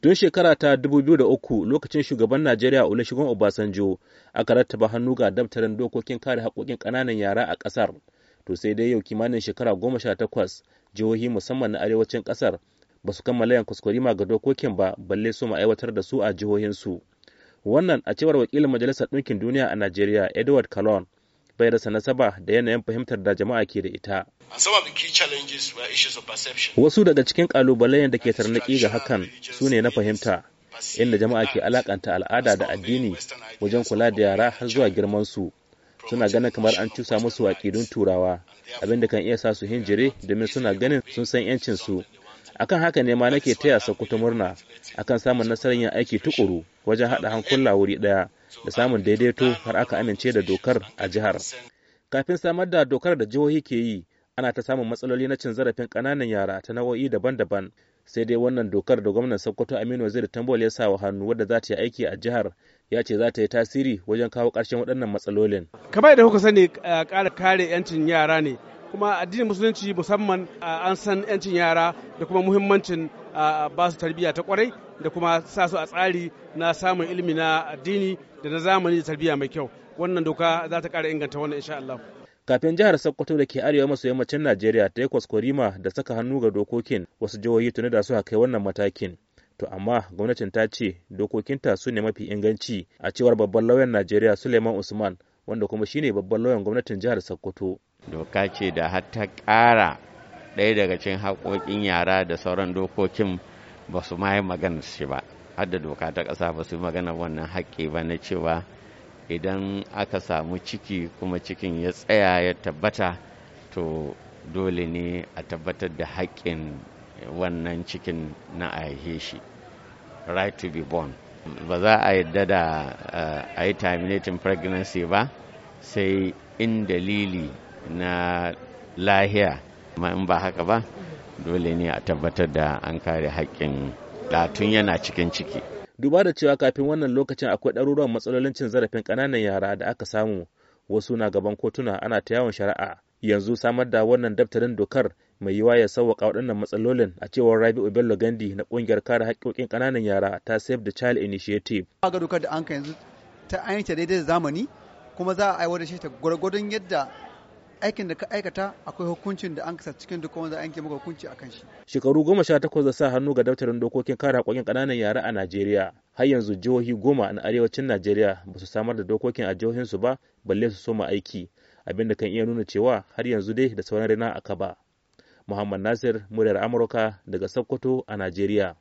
Tun shekara ta 2003 lokacin shugaban Najeriya Olusegun Obasanjo aka rattaba hannu ga daftarin dokokin kare haƙoƙin ƙananan yara a ƙasar. To sai dai yau kimanin shekara goma sha takwas jihohi musamman na arewacin ƙasar ba su kammala yan ma ga dokokin ba balle su aiwatar da su a jihohinsu. Wannan a cewar wakilin Majalisar Ɗinkin Duniya a Najeriya Edward Kalon bai rasa nasaba da yanayin fahimtar da jama'a ke da ita. Wasu daga cikin ƙalubalen da ke tarnaƙi ga hakan su ne na fahimta, inda jama'a ke alakanta al'ada da addini wajen kula da yara har zuwa girmansu. Suna ganin kamar an cusa musu aƙidun turawa, abinda kan iya sa su hinjire domin suna ganin sun san 'yancinsu. Akan haka ne ma nake taya sakuta murna akan samun nasarar yin aiki tukuru wajen haɗa hankula wuri ɗaya da samun daidaito har aka amince da dokar a jihar. Kafin samar da dokar da jihohi ke yi, ana ta samun matsaloli na cin zarafin ƙananan yara ta nau'o'i daban-daban sai dai wannan dokar da gwamnan sokoto aminu wazir tambol ya sa wa hannu wadda za ta yi aiki a jihar ya ce za ta yi tasiri wajen kawo ƙarshen waɗannan matsalolin kamar da kuka sani ƙara kare 'yancin yara ne kuma addinin musulunci musamman an san 'yancin yara da kuma muhimmancin ba su tarbiyya ta kwarai da kuma sa su a tsari na samun ilimi na addini da na zamani da tarbiyya mai kyau wannan doka za ta ƙara inganta wannan insha Allah kafin jihar sokoto da ke arewa maso yammacin najeriya ta yi kwaskwarima da saka hannu ga dokokin wasu jihohi tuni da su a kai wannan matakin to amma gwamnatin ta ce dokokinta su ne mafi inganci a cewar babban lauyan najeriya suleiman usman wanda kuma shine babban lauyan gwamnatin jihar sokoto doka ce da har ta ƙara ɗaya daga cikin haƙoƙin yara da sauran dokokin ba su ma yi magana shi ba har da doka ta kasa ba su yi magana wannan haƙƙi ba na cewa idan aka samu ciki kuma cikin ya tsaya ya tabbata to dole ne a tabbatar da haƙƙin wannan cikin na a shi right to be born ba za a yadda da eh, a yi terminating pregnancy ba sai in dalili na lahiya amma in ba haka ba dole ne a tabbatar da an kare haƙƙin ɗatun yana cikin ciki duba da cewa kafin wannan lokacin akwai ɗaruruwan matsalolin cin zarafin ƙananan yara da aka samu wasu na gaban kotuna ana ta yawon shari'a yanzu samar da wannan daftarin dokar mai yiwa ya sauwaka waɗannan matsalolin a cewar rabi bello gandi na ƙungiyar kare haƙƙoƙin ƙananan yara ta save the child initiative ga dokar da an ka yanzu ta ainihin daidai da zamani kuma za a aiwatar da shi ta gwargwadon yadda aikin da ka aikata akwai hukuncin da an kasa cikin duk wanda an maka hukunci a kan shi. Shekaru goma sha takwas da sa hannu ga daftarin dokokin kare hakokin ƙananan yara a Najeriya. Har yanzu jihohi goma na arewacin Najeriya ba su samar da dokokin a jihohinsu ba balle su soma aiki abin da kan iya nuna cewa har yanzu dai da sauran rina aka ba. Muhammad Nasir, muryar Amurka daga Sokoto a Najeriya.